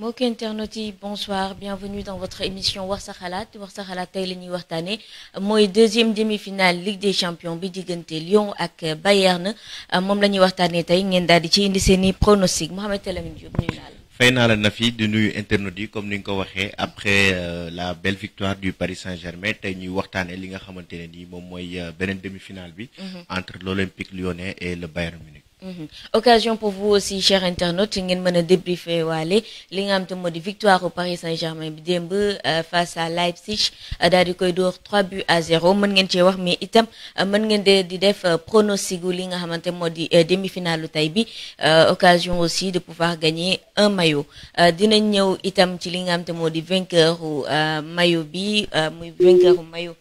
mbokk internet bonsoir bienvenue dans votre émission wax Khalat, xalaat Khalat Moi, deuxième demi-finale Ligue des champions bi Lyon avec Bayern Moi, la ñuy waxtaane tey ngeen pronostic Mohamed Telamine Diop nuyu naa comme nous l'avons après euh, la belle victoire du Paris Saint-Germain tey ñuy waxtaane li nga xamante ne euh, demi-finale mhm. entre l'Olympique lyonnais et le Bayern Munich Mhm. occasion pour vous aussi chers internautes de mën débriefer waale li nga xam victoire au Paris Saint-Germain bi euh, face à Leipzig euh, daal di 3 buts à 0 mën ngeen cee wax mais itam euh, mën ngeen de di pronostic li nga de demi-finale au bi occasion aussi de pouvoir gagner un maillot vous avez itam ci li nga xam te vainqueur maillot bi muy vainqueur au maillot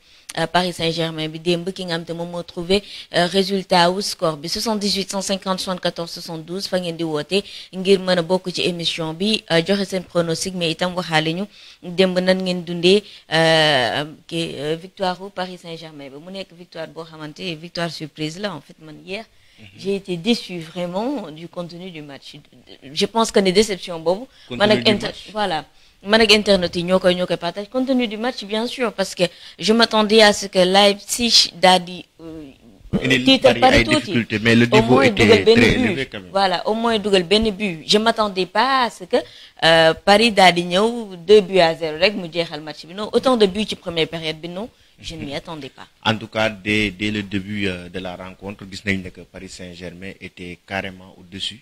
Paris Saint-Germain bi Buckingham. ki nga te momo trouvé euh, résultat ou score bi 78 150 74 72 fa ngeen di woote ngir mën a ci émission bi euh, joxe sen pronostic mais itam waxaale ñu démb nan ngeen dundee euh, ki victoire ou Paris Saint-Germain ba mu nekk victoire bo xamante victoire surprise la en fait man hier mhm. j'ai été déçu vraiment du contenu du match je pense qu'on est déception Bob. man ak voilà man ak internet yi ñoo koy ñoo partage compte du match bien sûr parce que je m'attendais à ce que Leipzig Dadi, di. pas pari tuuti mais le début était très élevé quand même voilà au moins dugal benn but je m'attendais pas à ce que euh, Paris Dadi, di ñëw deux buts à zéro rek mu jeexal match bi non autant de buts ci première période bi non je ne m'y attendais pas. En tout cas, dès, dès le début euh, de la rencontre, Disney que Paris Saint-Germain était carrément au-dessus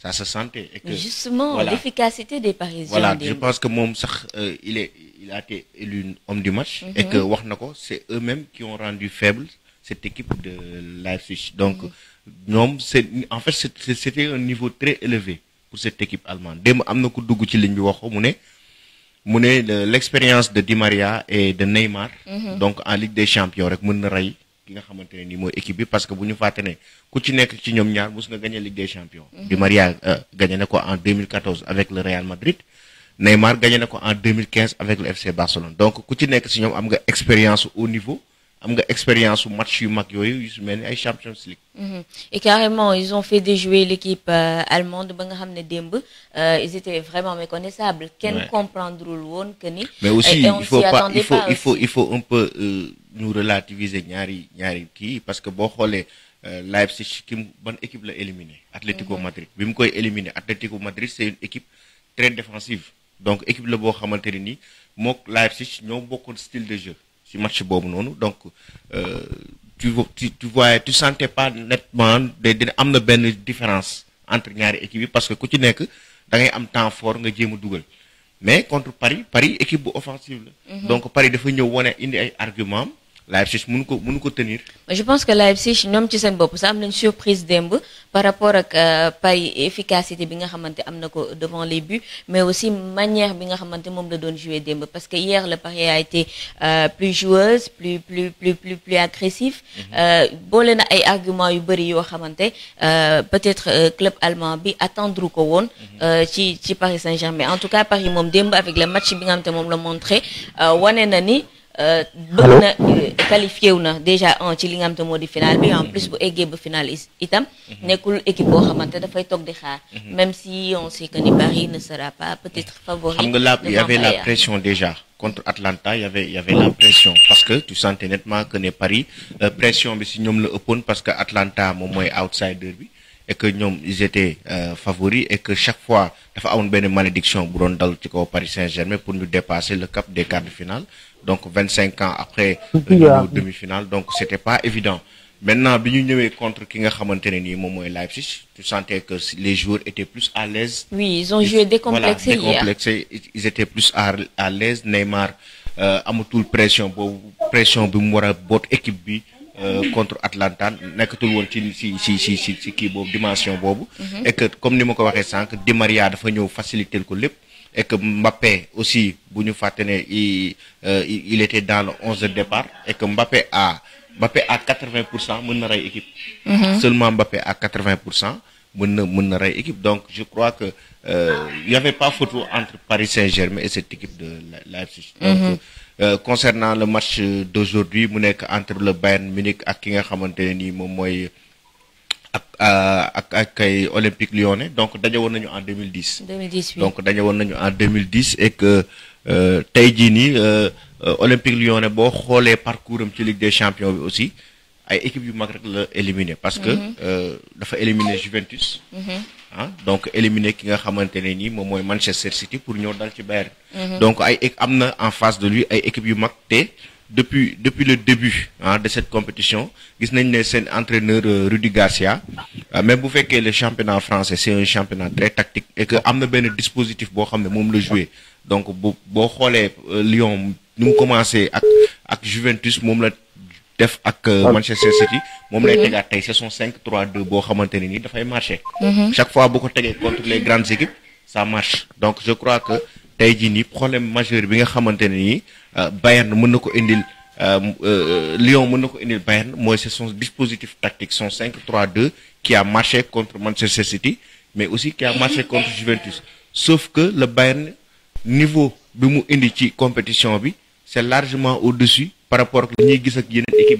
ça se sentait. Et Justement, l'efficacité des Parisiens. Voilà, je pense que Mom euh, il, est, il a été élu homme du match et mhm. que Wachnako, c'est eux-mêmes qui ont rendu faible cette équipe de Leipzig. Donc, non mhm. c'est en fait, c'était un niveau très élevé pour cette équipe allemande. L'expérience de Di Maria et de Neymar, mhm. donc en Ligue des Champions, avec ki nga xamantene ne moy équipe bi parce que buñu faté né ku ci nek ci mus nga Ligue des champions. Mhm. Di Maria euh, gagné en 2014 avec le Real Madrid Neymar gagné n'ako en 2015 avec le FC Barcelone donc ku ci nek une expérience au niveau am nga expérience ou match yu mag yooyu yu mel ni ay Champions League. Mhm. et carrément ils ont fait déjouer l'équipe euh, allemande ba nga euh, ils étaient vraiment méconnaissables. kenn woon que ni. mais aussi il faut il faut il faut il faut un peu euh, nous relativiser ñaari ñaari parce que boo xoolee Leipzig ki ban équipe la éliminé. Atlético mhm. Madrid bi mu éliminé Atlético Madrid c'est une équipe très défensive donc équipe la boo xamante ni mook Leipzig ñoo bokkoon style de jeu ci match bon non donc euh, tu tu tu tu sentais pas nettement de, dina am na différence entre ñaari équipe parce que ku ci nek da ngay am temps fort nga jëm a mais contre Paris Paris équipe offensive mhm. donc Paris dafa ñëw woné indi ay argument Leipzig mënu ko mënu ko tenir. je pense que Leipzig ñoom ci seen bopp sax am nañ surprise démb par rapport ak euh, pay efficacité bi nga xamante am devant les buts mais aussi manière bi nga xamante moom la doon jouer démb parce que hier le Paris a été euh, plus joueuse plus plus plus plus plus agressif. Mhm. Euh, boole na ay arguments yu bëri yoo xamante peut-être club allemand bi attendre ko woon. Mhm. ci ci Paris Saint-Germain en tout cas Paris moom avec le match bi nga xamante moom la montré wane ni donc euh, euh, qualifié wu déjà en ci li nga te final mais en plus bu eggee le finaliste itam mhm. nekkul équipe boo xamante dafay toog di xaar mhm. même si on sait que ni Paris ne sera pas peut-être mhm. favori la il y avait la pression déjà contre Atlanta il y avait il y avait la pression parce que tu sentais nettement que ne Paris euh, pression mais si nous le opposons parce que Atlanta moom outside outsider bi et que ils étaient favoris et que chaque fois il a fait malédiction bu doon Paris Saint-Germain pour nous dépasser le cap des quarts de finale donc 25 ans après la demi-finale donc ce n'était pas évident maintenant quand nous contre Kinga nga Momo et Leipzig tu sentais que les joueurs étaient plus à l'aise oui ils ont joué décomplexé voilà ils étaient plus à l'aise Neymar a euh, amatul pression la pression bi mu war a équipe bi euh, contre Atlanta nekkatul woon ci ci ci ci ci dimension mhm. et que comme nous ma ko waxee sànq Di Maria faciliter ko et que Mbappé aussi, il, euh, il était dans le 11 de départ et que Mbappé a, Mbappé a 80%, mon équipe. Mhm. Seulement Mbappé a 80%, mon équipe. Donc, je crois que, euh, il n'y avait pas photo entre Paris Saint-Germain et cette équipe de Leipzig. Donc, mhm. euh, concernant le match d'aujourd'hui, entre le Bayern Munich et moyen. Euh, ak ak Olympique Lyonnais donc daje nañu en 2010. 2010 donc daje nañu en 2010 et que euh, tey ni euh, euh Olympique Lyonnais bo xolé parcours ci Ligue des champions bi aussi ay équipe yu mag rek la éliminé. parce que mhm. dafa éliminer Juventus. Mhm. Ah, donc éliminer ki nga xamantene Manchester City pour ñoo dal ci Bayern. Mhm. donc ay amna en face de lui ay équipe yu mag té depuis, depuis le début hein, de cette compétition, un entraîneur euh, Rudy Garcia. mais vous faites que le championnat français, c'est un championnat très tactique et que a un dispositif pour xamné le jouer. Donc bo xolé euh, Lyon nous commencer avec Juventus mom la def avec euh, ah. Manchester City mom lay tégat tay saison 5 3 2 bo xamanteni ni da fay marcher. Mhm. Chaque fois bu ko tégué contre les grandes équipes, ça marche. Donc je crois que tay ni problème majeur bi nga Bayern Lyon indil Bayern c'est son dispositif tactique son 5-3-2 qui a marché contre Manchester City mais aussi qui a marché contre Juventus sauf que le Bayern niveau bi compétition c'est largement au-dessus par rapport ak li ñuy ak yeneen équipe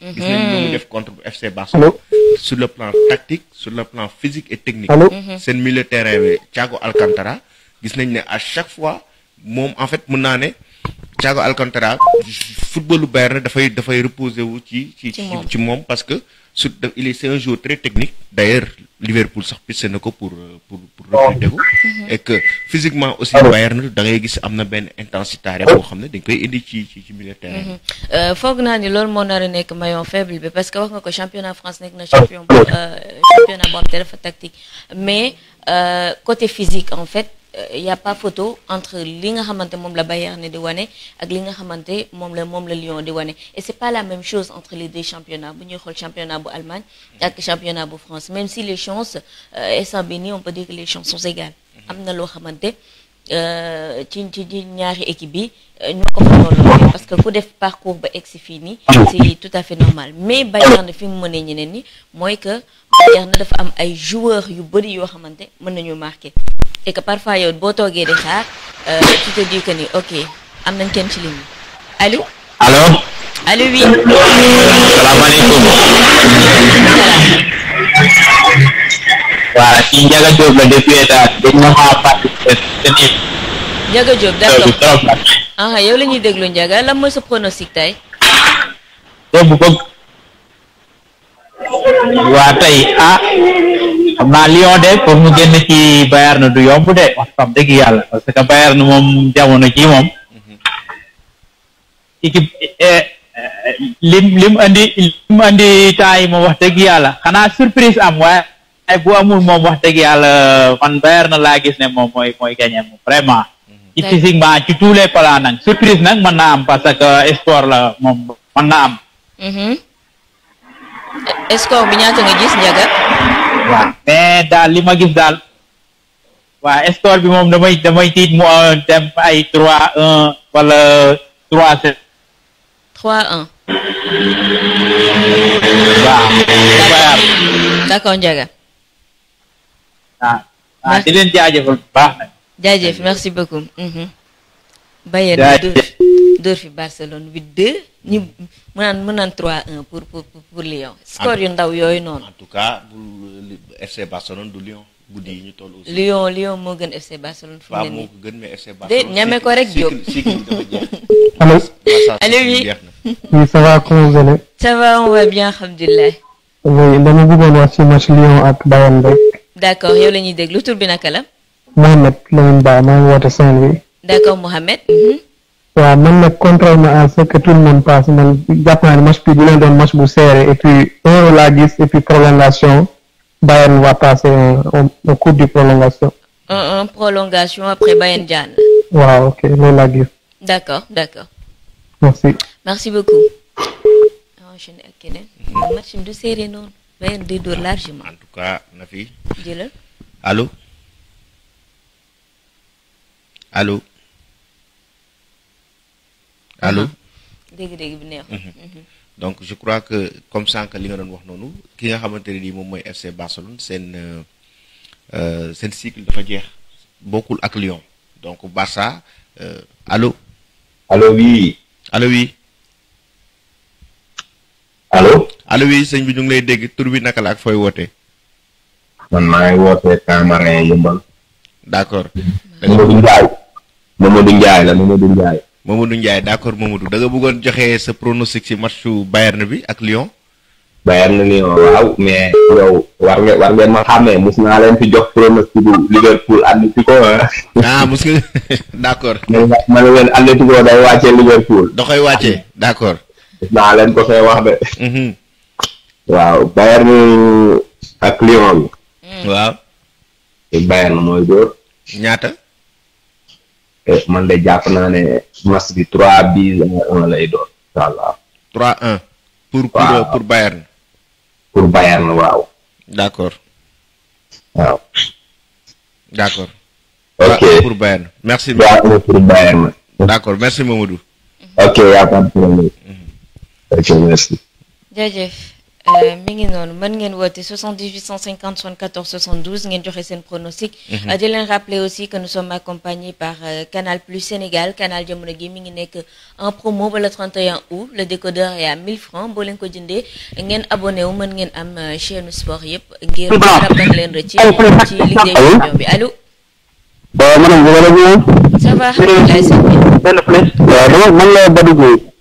mhm. contre FC Barcelone sur le plan tactique sur le plan physique et technique c'est le militaire Thiago Alcantara gis nañ à chaque fois en fait mon naa Thiago Alcantara le Bayern da fay reposer wu ci ci ci parce que il est c'est un joueur très technique d'ailleurs Liverpool sax piste pour pour pour recruter mhm. et que physiquement aussi Bayern da ngay gis amn'a ben intensité boo xam ne dañ koy indi ci ci ci milieu terrain mhm. euh, foog naa ni maillon faible parce que wax nga ko championnat France nek na ah, champion euh, championnat de xam tactique mais euh, côté physique en fait il euh, y a pas photo entre li nga de la Bayern et de ak li nga la le Lyon di ce et c'est pas la même chose entre les deux championnats bu ñuy le championnat l'Allemagne Allemagne le championnat bu France même si les chances euh, sont sont on peut dire que les chances sont égales mm-hmm. amna lo loo euh ci ci ñaari équipe bi euh, ñu ko parce que ku def parcours ba egsi fini c'est tout à fait normal mais Bayern fi mu mënee ñeneen ni moy que Bayern dafa am ay joueurs yu bari yoo xamante mën nañu et que parfois yow ya, bo boo de di euh tu te dis que ni ok am nañ ken ci ligne allô allô allô oui alaykoum waaw ci Ndiaga job la depuis état dañ ma xaa participer tenir Ndiaga Diop d' ah yow lañuy ñuy déglu Ndiaga lan mooy sa pronostic tay démb bëgg wa tay ah Μαλλιώνε, πως μου και είναι και η Bayern του Ιόμπουνε, μας πάμε και άλλα. Ας τα Bayern μου διάμουν εκεί μου. Iki eh, eh, lim lim andi lim andi tai mau wah tegi ala kana surprise am wa eh, ai bu amul mo wah tegi ala kan bayar na lagi ne mau mau moy ganya mo prema mhm. iti sing ba ci tule pala nang surprise nang man am parce que espoir la mom man am mhm espoir bi ñaata nga waaw mais daal li ma gis daal waaw score bi moom damay damay tiit mu dem ay trois un wala trois sept trois un waaw d'accord Ndiaga waaw ah, ah, di leen jaajëfal baax na jaajëf merci beaucoup mhm. Bayern dóor fi Barcelone 8-2 ñu mu naan mu naan 3-1 pour pour pour Lyon. score yu ndaw yooyu noonu. en tout cas bu FC Barcelone du Lyon. guddi yi ñu toll aussi. Lyon Lyon moo gën FC Barcelone. fu mu ne nii waaw moo ko gën mais FC Barcelone. de ñeme ko rek Diop allo. oui ça va comment ak Bayern rek. d' accord yow la ñuy déglu tur bi naka la. Mohamed Lamine Ba maa ngi woote Saint-Louis. d' accord Mohamed. Mhm. waaw man nag contrôle à ce que tout le monde passe man jàpp naa ne match bi dina doon match bu serré et puis un la gis et puis prolongation Bayern va passer au coup de prolongation. un un prolongation après Bayern Jan. waaw ok loolu laa gis. d'accord d'accord. merci. merci beaucoup. Je ne ak keneen. match bi du serré noonu. Bayern day dóor largement. en tout cas na fi. jëlal. Allô. Allô. allo dégg-dégg bi neex donc je crois que comme sànq li nga doon wax noonu ki nga xamante ni nii moom mooy FC Barcelone seen euh, euh, seen cycle dafa jeex bokkul ak Lyon donc Barça euh, allo. allo oui. allo oui. allo. allo oui sëñ bi ñu ngi lay dégg tur bi naka la ak fooy wootee. man maa ngi wootee Camarin yëmbal. d' accord. Mamadou Ndiaye. Mamadou Ndiaye la Mamadou Ndiaye. Mamadou Ndiaye d'accord Mamadou da nga bëggoon joxe sa pronostic ci matchu Bayern bi ak Lyon. Bayern Lyon waaw mais yow war ngeen ma xàmmee mus naa leen fi jox pronostic bu Liverpool Atlético ah. ah mus nga d'accord. ma ne leen Atlético day wàccee Liverpool. da koy wàcce d'accord. naa leen ko fee wax mhm. waaw Bayern ak Lyon bi. waaw. Bayern mooy dóor. ñaata. Eh, man lay japp na ne eh, match bi 3 eh, bi 1 lay do incha 3 1 pour pour pour Bayern. pour Bayern waaw. d'accord accord. waaw. d' ok pour Bayern merci. beaucoup pour Bayern. d'accord merci Mamadou. ok ya pas de problème. ok merci. jërëjëf. Euh, mi ngi noonu mën ngeen woote 78 74 72 ngeen joxe seen pronostic. Mhm. Euh, di leen rappeler aussi que nous sommes accompagnés par euh, Canal Plus Sénégal Canal jamono gi mi ngi en promo ba le 31 août le décodeur est à 1000 francs bo len ko jëndee ngeen abonné wu man ngeen am chaîne sport yëpp ngir rab len leen rëcc ci liggéey émission bi allo. ça va. man la Badou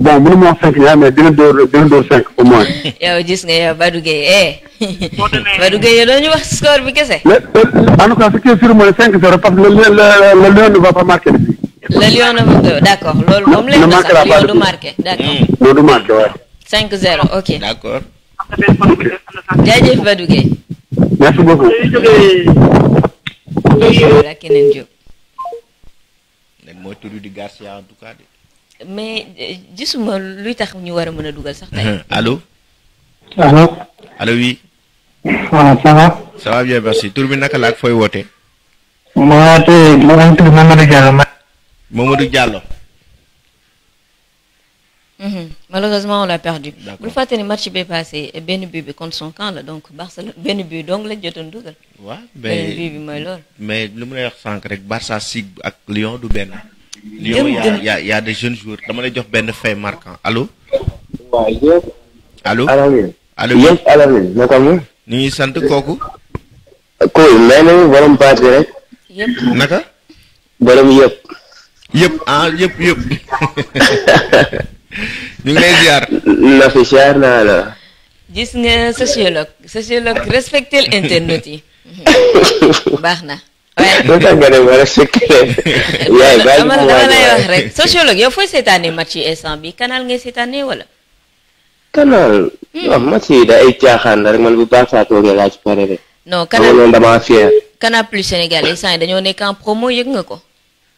Bon, minnu ma fɛn kɛ, mais den dɔ den dɔ fɛn au moins. Yaw jis É. yaw Baduke eh. Baduke yo doni wax score bi kese. En tout cas, ce qui est sûr mooy 5-0 não vai le ne va pas marquer. o Lyon ne va pas d'accord. Loolu moom leen na sax Lyon du marqué. D'accord. Lyon du marqué 5 OK. D'accord. Jaajëf Baduke. Merci beaucoup. Keneen jóg. Nag mooy tudd di Garcia en tout cas de. mais euh, gisuma luy tax ñu war a mën a dugal sax tey. allo. allo. allo oui. waaw ça va. ça va bien merci tur bi naka la ak fooy woote. maa tey maa ngi tudd Mamadou Diallo. Mamadou Diallo. Mhm. malheureusement on l'a perdu. d'accord bul fàtte ni match bi passé benn but bi contre son camp la donc Barcelone benn but donc la jotoon dugal. waaw mais benn but bi mooy lool. mais lu mu lay wax sànq rek Barça Sig ak lion du benn. Lyon y' a y' a dama lay jox benn fait marquant allo. waaw yëpp. allo allo yëpp naka nga. ñu ngi sant kooku. kooku may mu borom baat bi rek. yëpp naka. borom yëpp. yëpp ah yëpp yëpp. ñu ngi lay ziar. na fi ziar naa la. gis nga sociologue sociologue respecté internet yi. baax na. loolu tax nga ne ma respecté yaay bàyyi ma dama lay bi canal ngay seetaanee wala. canal. Mm. match yi da ay caaxaan la rek man bu baax saa toogee pare non canal eh. loolu plus Sénégal instant yi dañoo nekk en promo yëg nga ko.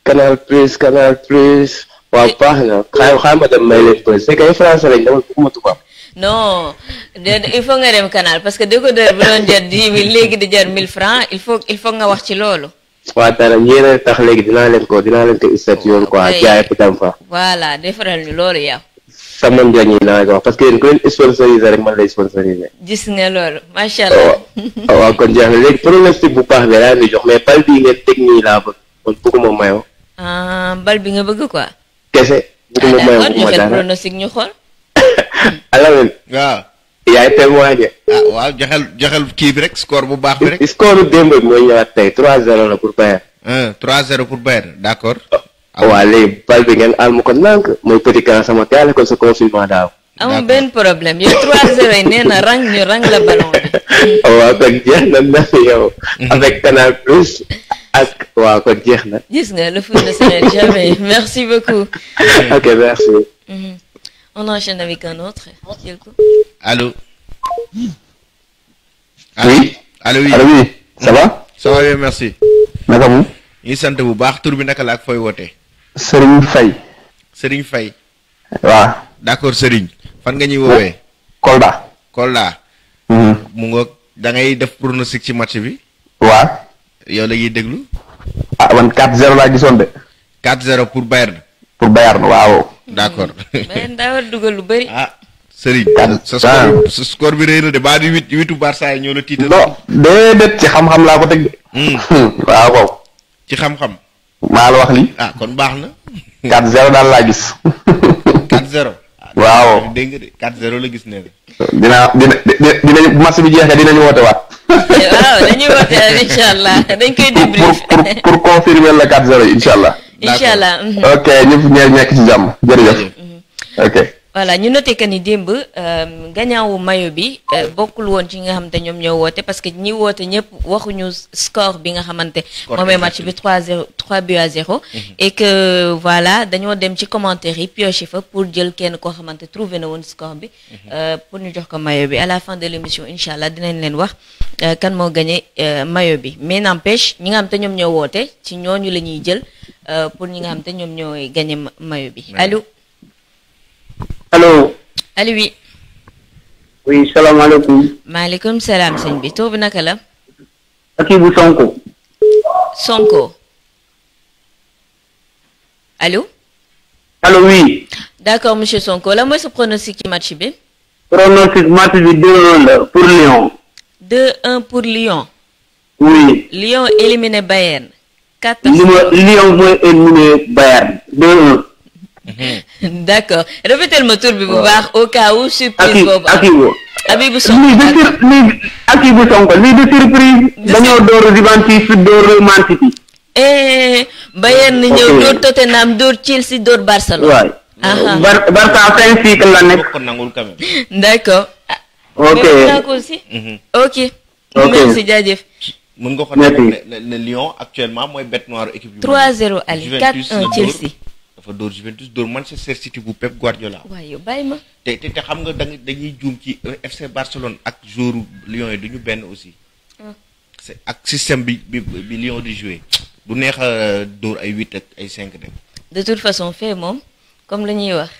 canal plus canal plus. waaw baax na xaaral ma dem may leen ko c'est que français lañ dama bëgguma tubaab. non il faut nga dem canal parce que décodeur bu doon jar dix mille léegi di jar francs il faut nga wax ci loolu. waa dara yéen a tax léegi dinaa leen ko dinaa leen ko istat yoon quoi jaay pitam fa. voilà defaral ñu loolu yow. sama njëriñ laa ko wax parce que yéen ku leen sponsorisé rek man lay sponsorisé. gis nga loolu macha allah. Oh, oh, waaw kon jeex na léegi pronostic bu baax bi laa leen di jox mais bal bii teg nii laa bëgg kon bëgguma mayoo. Ah, bal bi nga bëgg quoi. kese bëgguma mayoo alawel waaw yaay témoin de ah waaw jaxal jaxal kii bi rek score bu baax bi rek score démb bi mooy ñëwaat tey 3-0 la pour Bayern 3-0 ah, pour Bayern d'accord ah, waa léegi bal bi ngeen al mu ko nank mooy petit grand sama gaale ko sa confinement daaw amul ben problème yow 3-0 yi nee na rang ñu rang la ballon bi oh, waaw kon jeex na na yow avec canal plus ak waaw kon jeex na gis nga le foot ne s'arrête jamais merci beaucoup ok merci mm -hmm. On enchaîne avec un autre. Allô Oui Allô oui. Allô Ça va Ça va bien, merci. Madame. Il vous est beaucoup. bu baax à la ak C'est Serigne Serigne d'accord Serigne. fan nga ñuy woowee. Kolda. Kolda. hmm Mungo. da ngay pronostic ci match bi. yow la déglu. ah 4-0 la gisoon 4-0 pour Bayern. pour Bayern waouh d'accord mais ndawar dugal lu bari ah serigne sa ah. score sa score bi reena de di 8 8 barça ñoo la titre non dedet ci xam xam la ko tegg hmm. waaw waaw ci xam xam ma la ah wax li ah kon baxna 4-0 dal la gis 4-0 ah, waaw deng de 4-0 la gis neena dina dina dina match bi jeexé dinañ eh, woté wat waaw dañuy woté inshallah dañ koy débrief pour pour confirmer la 4-0 inshallah incha allah ok ñëpp ñëpp nekk ci jàmm jërëjëf ok. voilà ñu noté que ni démb euh, gagnant wu mayo bi euh, bokul won ci nga xamanté ñom ñoo woté parce que ñi woté ñep waxu ñu score bi nga xamanté momé match bi 3 0 3 buts à 0 mhm. et que voilà dañoo dem ci commentaire yi pioché fa pour jël kenn ko xamanté trouvé na won score bi mhm. euh pour ñu jox ko mayo bi à la fin de l'émission inshallah dinañ leen wax euh, kan mo gagné mayo bi mais n'empêche ñi nga xamanté ñom ñoo woté ci ñooñu la ñuy jël pour ñi nga xamanté ñom ñoy gagné mayo bi allô Allô Allô oui. oui salam, maaleykum salaam sëñ bi tur bi naka Akibu Sonko. Sonko. Allô Allô oui. d'accord monsieur Sonko la mooy sa pronostic qui match prononce pronostic match bi 2-1 pour Lyon. 2-1 pour Lyon. oui. Lyon élimine Bayern. 4 Lyon mooy éliminé Bayern 2-1. d' accord répétez ma tur bi bu baax au cas où. surprise boobu Akibo Habibou Sonko lii de sur lii Habibou Sonko lii de surprise. dañoo door Juventus door Man City. Eh, ba yenn ñëw door Tottenham door Chelsea door Barcelone. waay Bar Barça cinq cycle la nekk. d' accord. Ah, ok mhm. ok. ok merci jaajëf. mën nga ko ne Lyon actuellement mooy bête noire équipe. 3-0 Chelsea. dafa dóor Juventus dóor Manchester City bu Pep Guardiola. waaw yow bàyyi ma. te te te xam nga da dañuy juum ci FC Barcelone ak joueur Lyon yi du ñu benn aussi. Ah. ak système bi bi bi Lyon di jouer du neex a dóor ay huit ak ay cinq dem. de toute façon fee moom comme la ñuy wax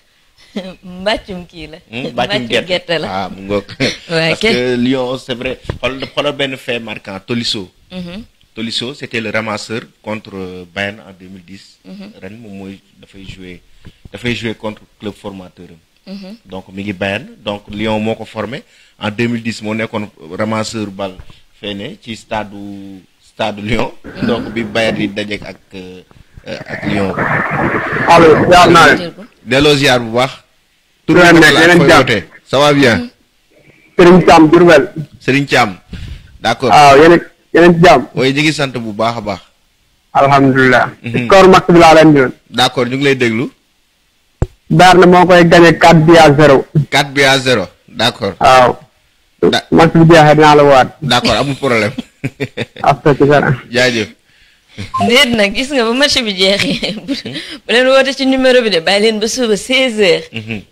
mbàccum kii la. Hmm, mbàccum gerte la ah mu ngoog. parce que Lyon c'est vrai xool xoolal benn fait marquant Tolisso. Mhm. Tolisso c'était le ramasseur contre euh, Bayern en 2010. Mhm. ren moom mooy fait jouer dafay jouer contre club formateur mhm. donc Mingi ngi donc Lyon m'a formé en 2010 moo nekkoon ramasseur bal qui ci stade stade Lyon. Mhm. donc bi Bayern di avec ak euh, euh, ak Lyon. allo ziar naa leen. delloo ziar bu baax. tur bi nag ça va bien. Serigne Thiam Diourbel. Serigne Cham. d'accord. Ah, yeneen ci jàmm. waaye ñu ngi sant bu baax a baax. alhamdulilah. Mhm. ci koor max bi d' accord ñu ngi lay déglu. Bargny moo koy gagné 4 bi à 0. 4 bi à 0 d' accord. waaw. max bi jeexee dinaa la waat. d' accord amul problème. affaire bi dara. jaajëf. déet nag gis nga bu marché bi jeexee bu hmm. len woote ci numéro bi dé bay len ba suba 16h.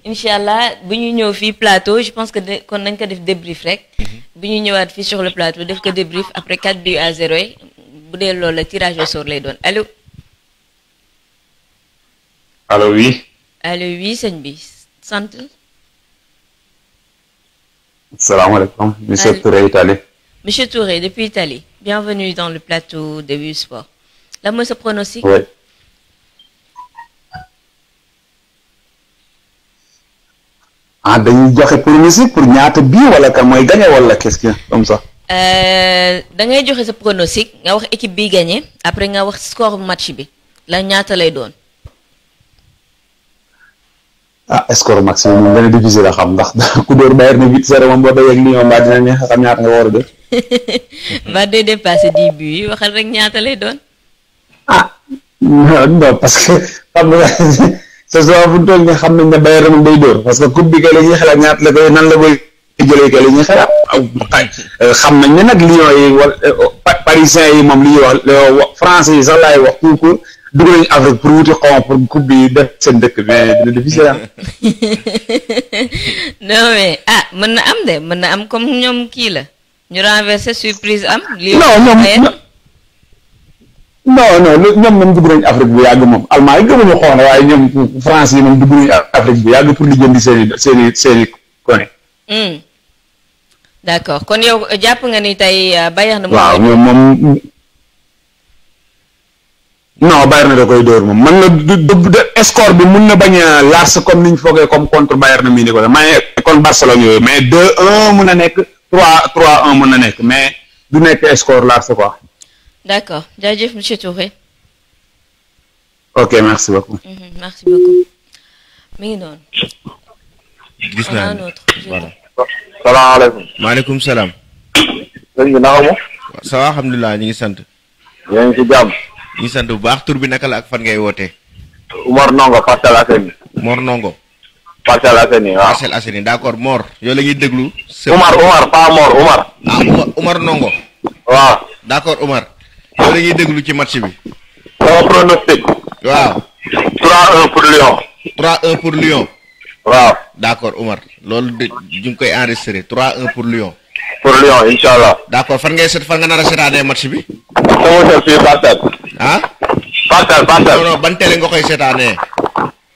inshallah allah bu ñuy ñëw fi plateau je pense que kon nañ ko def débrief rek. Hmm. bu ñuy ñëwaat fi sur le plateau def ko débrief après 4 buts à 0 yi bu dee loolu la tirage au sort lay doon allô Allô, oui. allô oui sëñ bi assalamu alaykum monsieur Touré Italie. Monsieur Touré, depuis Italie, bienvenue dans le plateau de Sport. La mot se pronostic Oui. ah dañuy joxe pronostic pour ñaata bii wala comme mooy gagné wala qu'est-ce que comme ça. Euh, da ngay joxe sa pronostic nga wax équipe bi gagné après nga wax score match bi la ñaata lay doon. ah score maximum moom dana difficile la xam ndax ku dóor Bayern ne 8-0 moom boo doyeeg Lyon mbaa dina neex xam ñaata nga war a def. ba day dépassé dix buts yi waxal rek ñaata lay doon. ah non parce que xam nga saison bu toll nii xam nañ ne parce que coupe bi kay la ñuy xalaat la koy nan la koy jëlee kay la ñuy ah, xam nañ ne nag Lyon yi wala Parisien yi moom li ñuy wax euh, français yi sax laay wax kuuku dugg nañu Afrique pour wuti xaw pour coupe def seen dëkk mais dina difficile ah. non ah, na am de mën na am comme ñoom kii la. ñu renversé surprise am. lii non ñoom non non ñoom ñoom dugg nañu Afrique bu yàgg moom Allemagne yi gëmuñu xool waaye ñoom France yi moom dugg nañu Afrique bu yàgg pour li jëndi seen i seen i seen i kone. Hmm. d' kon yow jàpp nga ni tey euh, Bayern. waaw ñoom moom. non Bayern da koy dóor moom mën na du de bi mun na bañ a large comme ni ñu foogee comme contre Bayern mii ni ko mais kon Barcelone yooyu mais 2-1 mun na nekk. 3 3 1 mën na nekk mais du nekk score large quoi. d' accord jaajëf monsieur Touré. ok merci beaucoup. Mhm, merci ngi noonu. gis naa ne voilà. salaam. sëñ bi naka mu. alhamdulilah ñu ngi sant. yaa ngi ci jàmm. ñu ngi sant bu baax tur bi naka la ak fan ngay wootee. Umar Ndongo Parcelles Assainies. Umar Ndongo. Parcelles Assainies waaw d'accord Mor yow la ñuy déglu. Umar Umar pas Mor Umar. ah Umar Ndongo. waaw d'accord Umar. yow la déglu ci match bi. waaw. 3-1 pour Lyon. 3-1 pour Lyon. waaw d'accord Umar loolu de ñu koy enregistré 3-1 pour Lyon. pour Lyon incha d'accord fan nga nar a seetaanee match bi. sama kër fii Parcelles. ah. Parcelles Parcelles. non non ban télé nga koy seetaanee.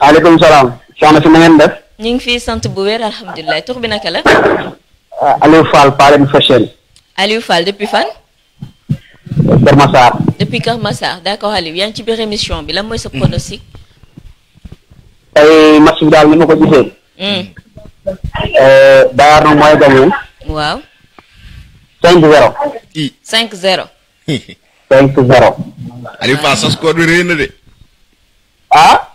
maaleykum salaam. soxna si na def. ñu ngi fi sant bu wér alhamdulilah tur bi naka la. Euh, Aliou Fall Paalen Fashion. Aliou Fall depuis fan. Kër depuis Kër Massar d'accord Aliou ci biir émission bi la mooy sa pronostic. tey match bi daal ni ma ko gisee. Bayern hmm. euh, mooy gagné. waaw. 5-0. 5-0. 5-0. Aliou Fall sa score bi réy na de. ah.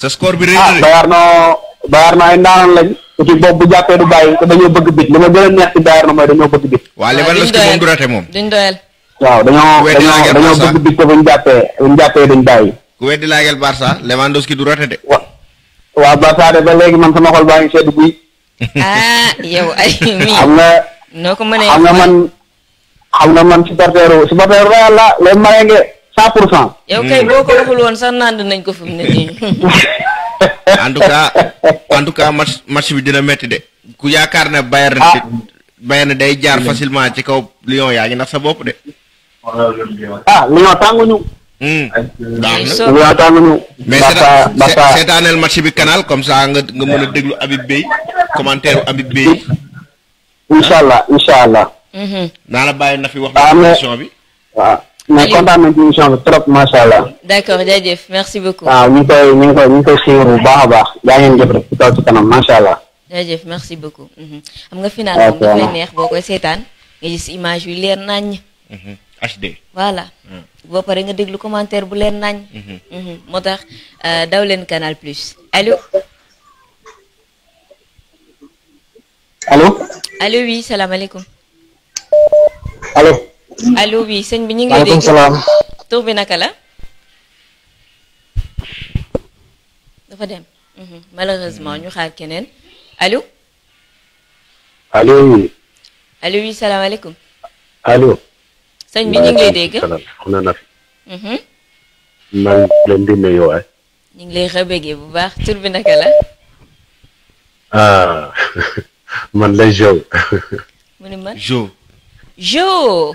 sa score bi rëy na ah, Bayern noo Bayern noo ay ndaanaan lañ. te boobu bu jàppee du bàyyi te dañoo bëgg bit li ma gën a neex ci Bayern mooy dañoo bëgg bit. waaw Lewandowski moom du rate moom duñ doyal dañoo dañoo dañoo bëgg bit te buñ jàppee buñ jàppee ku weddi laagel Barça Lewandowski du rate de. wa waaw de ba léegi man sama xol baa ngi sedd guy. ah yow ay. xam nga noo ko mënee xam nga man xam nga man supporteru supporteru Real la les Merengues. cent pour cent yow ya, hmm. kay boo waxul woon sax nand nañ ko fi mu en tout cas en tout cas match match bi dina metti de ku yaakaar Bayern ah. Bayern day jaar facilement ci kaw Lyon yaa ngi sa bopp de ah Lyon tànguñu Lyon match bi canal comme ça nga nga Habib Bey commentaire Habib Bey inshallah inshallah la mhm. na fi wax bi mais kontaan nañ ci émission trop macha allah. d' accord jaajëf merci beaucoup. Ah, ñu koy ñu ngi koy ñu ngi koy suivre bu baax a baax Ya ngeen jëf rek ci kaw ci kanam macha allah. merci beaucoup. xam mhm. nga final moom daf lay neex boo koy seetaan nga gis image yu leer naññ. Mhm. HD. voilà. Mm. boo pare nga déglu commentaire bu leer naññ. Mhm. moo tax euh, daw leen canal plus allo. allo. allo oui salaamaaleykum. allo. allo oui sëñ bi ñu ngi. maaleykum tur bi naka la. dafa dem. Mhm, malheureusement ñu xaar keneen allo. allo oui. allo oui salaamaaleykum. allo. sëñ bi ñu ngi lay dégg. Mhm. man leen di nuyuwaay. ñu ngi lay xëbëgee bu baax tur bi naka la. Ah, man la Jo. mu ne man Jo.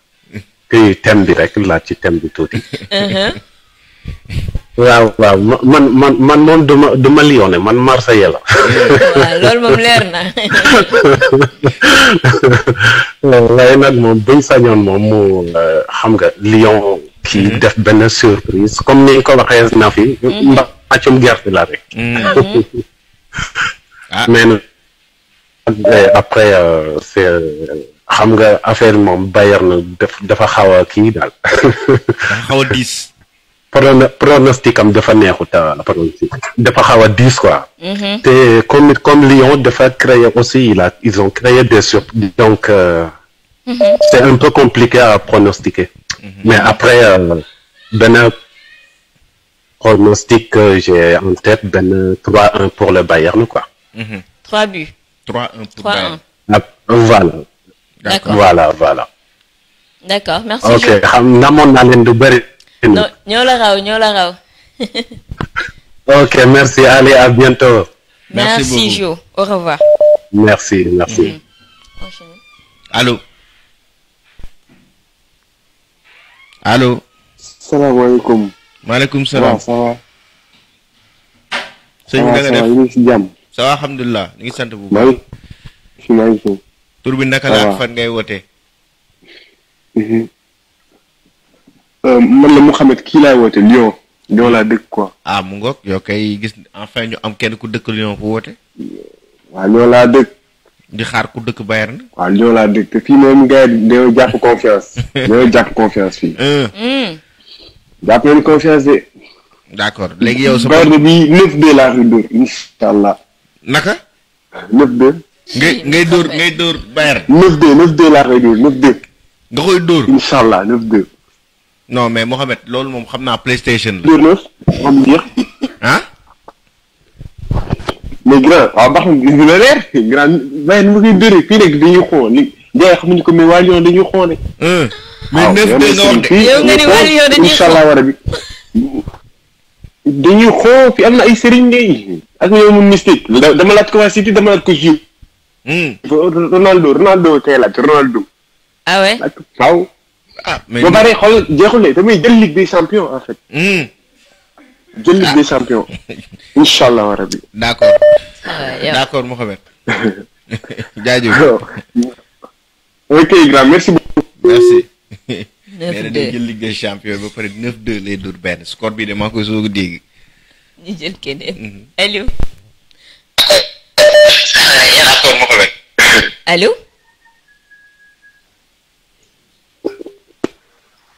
kii thème bi rek laa ci thème bi tuuti. Uh-huh. waaw waaw man man man moom du ma du ma Lyonnais man Marseillais la. waaw loolu moom leer na. waaye nag moom buñ sañoon moom mu uh, xam nga Lyon. kii mm-hmm. def benn surprise comme ni ko waxee na fi. ndax mm-hmm. màccum gerte la rek. Mm-hmm. Ah. mais après euh, c'est euh, xam nga affaire moom Bayern na dafa xaw a kii daal. dafa xaw a diis. dafa neexut ah, pronostic dafa quoi. Mhm. comme comme Lyon dafa créer aussi ils ont créé des surprises donc. Euh, mhm. c'est un peu compliqué à pronostiquer. Mhm. mais après euh, benn pronostic que j'ai en tête benn 3-1 pour le Bayern quoi. 3 buts. 3-1 pour Bayern. Ah, voilà voilà voilà. d'accord merci ok la la ok merci allez à bientôt. merci Jo au revoir. merci merci. Mm-hmm. allô allô salam alaikum. salam alaikum ça va. ça va ça va alaikum alaikum tur bi naka laa ah. fan ngay wootee. Mhm. Euh, man la Mouhamed kii lay woote Lyon. Lyon laa dëkk quoi. ah mu ngoog yow kay gis enfin ñu am kenn ku dëkk Lyon ku woote. waaw Lyon laa dëkk. di xaar ku dëkk Bayern. waaw Lyon laa dëkk te fii moom gars yi jàpp confiance. dañoo jàpp confiance fii. Euh. Mm. jàpp nañu confiance de. d' accord léegi yow. sama bi 9-2 laa fi dóor incha naka. 9-2. ngay ngay dóor ngay dóor Bayern. 9-2 9-2 laa koy dóor 9-2. nga koy dóor incha allah 9-2. non mais Mohamed loolu moom xam naa PlayStation la. dóor na am jeex. ah. mais grand waaw baax na dina leer grand Bayern nu ma koy dóoree fii rek dañuy xoo ni Ndiaye xamuñu ko mais waa Lyon dañuy xoo ne. Ah, mais 9-2 nga wax de. yow nga ni waa Lyon dañuy xoo incha allah war a bi. dañuy xoo fi am na ay sëriñ ngay ak yow mu mystique dama laaj ko waa City dama laaj ko Juve. Ronaldo Ronaldo kay laaj Ronaldo. ah ouais waaw. ah mais ba pare xool jeexule tamit jël ligue des champions en fait. Hmm. jël ligue des champions. incha allah rabi. d' accord d' accord ok grand merci beaucoup. merci. neuf deux nee na jël ligue des ba pare neuf deux lay dur score bi de maa koy soog a dégg. ñu keneen. Hmm. Aliou. allo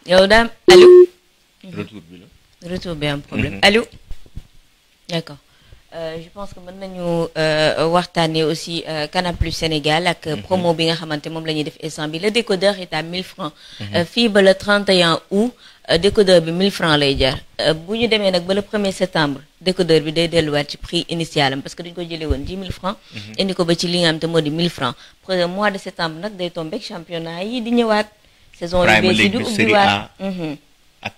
yow daam Allô retour bi la. retour bi am problème mhm. allo. d' euh, je pense que nous avons euh, waxtaanee aussi euh, Canal Plus Sénégal ak. Mm -hmm. promo bi nga mon moom la def bi le décodeur est à 1000 francs. Mhm. Euh, fii ba le 31 août euh, décodeur bi 1000 francs lay jar bu ñu demee ba le 1er septembre décodeur bi day delluwaat ci prix initial parce que ko 10 000 francs mhm. ko ba ci li nga 1000 francs mois de septembre day tombé championnat yi di saison mhm. ak